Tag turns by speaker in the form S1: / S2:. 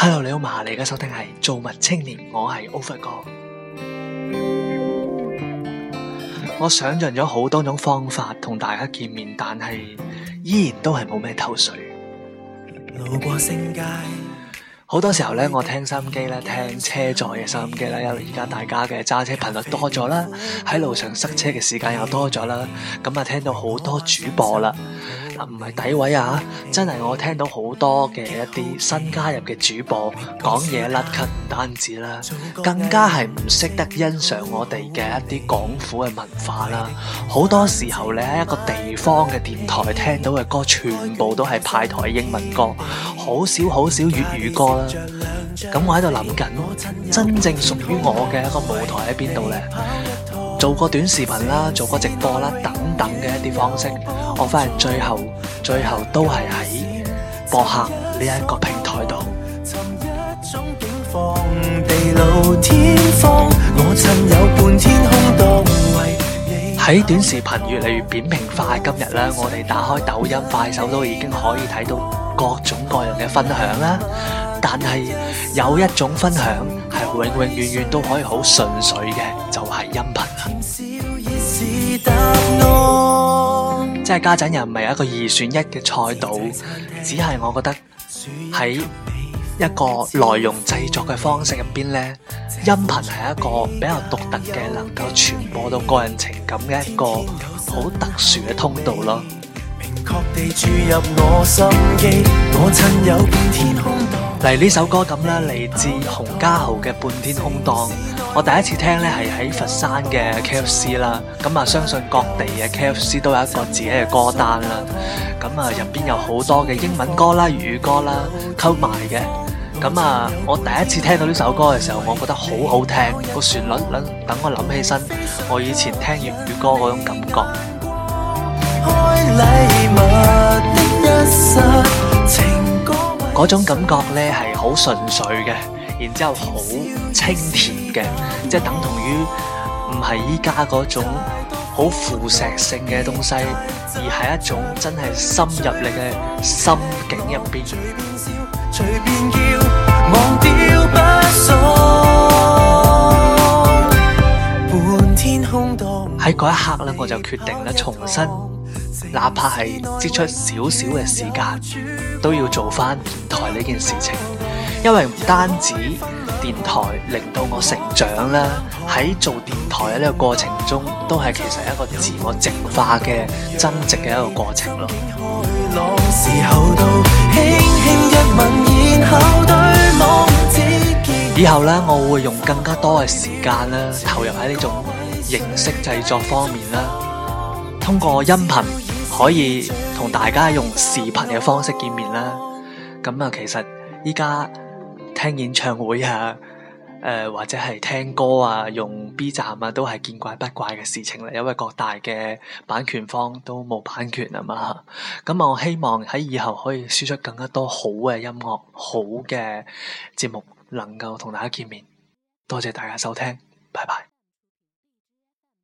S1: Hello，你好嘛？你嘅收聽係造物青年，我係 Over 哥。 我想盡咗好多種方法同大家見面，但係依然都係冇咩頭水。路過星街，好多時候咧，我聽收音機咧，聽車載嘅收音機啦，因為而家大家嘅揸車頻率多咗啦，喺路上塞車嘅時間又多咗啦，咁啊聽到好多主播啦。唔係詆毀啊！真係我聽到好多嘅一啲新加入嘅主播講嘢甩咳，唔單止啦，更加係唔識得欣賞我哋嘅一啲廣府嘅文化啦。好多時候你喺一個地方嘅電台聽到嘅歌，全部都係派台英文歌，好少好少粵語歌啦。咁我喺度諗緊，真正屬於我嘅一個舞台喺邊度呢？做個短視頻啦，做個直播啦，等等嘅一啲方式，我發現最後最後都係喺博客呢一個平台度。喺、嗯、短視頻越嚟越扁平化，今日呢，我哋打開抖音、快手都已經可以睇到各種各樣嘅分享啦。但係有一種分享，永永遠遠都可以好純粹嘅，就係、是、音頻啦。即係家陣又唔係一個二選一嘅賽道，只係我覺得喺一個內容製作嘅方式入邊呢，音頻係一個比較獨特嘅，特能夠傳播到個人情感嘅一個好特殊嘅通道咯。天天有嚟呢首歌咁啦，嚟自洪嘉豪嘅《半天空檔》，我第一次聽呢係喺佛山嘅 K F C 啦。咁啊，相信各地嘅 K F C 都有一個自己嘅歌單啦。咁啊，入邊有好多嘅英文歌啦、粵語歌啦，溝埋嘅。咁啊，我第一次聽到呢首歌嘅時候，我覺得好好聽個旋律，等我諗起身，我以前聽粵語歌嗰種感覺。嗰種感覺咧，係好純粹嘅，然之後好清甜嘅，即係等同於唔係依家嗰種好腐蝕性嘅東西，而係一種真係深入你嘅心境入邊。喺嗰一刻咧，我就決定，咧重新。哪怕係擠出少少嘅時間，都要做翻電台呢件事情，因為唔單止電台令到我成長啦，喺做電台呢個過程中，都係其實一個自我淨化嘅增值嘅一個過程咯。以後呢，我會用更加多嘅時間呢，投入喺呢種形式製作方面啦，通過音頻。可以同大家用視頻嘅方式見面啦，咁啊其實依家聽演唱會啊，誒或者係聽歌啊，用 B 站啊都係見怪不怪嘅事情啦，因為各大嘅版權方都冇版權啊嘛，咁啊我希望喺以後可以輸出更加多好嘅音樂，好嘅節目，能夠同大家見面。多謝大家收聽，拜拜。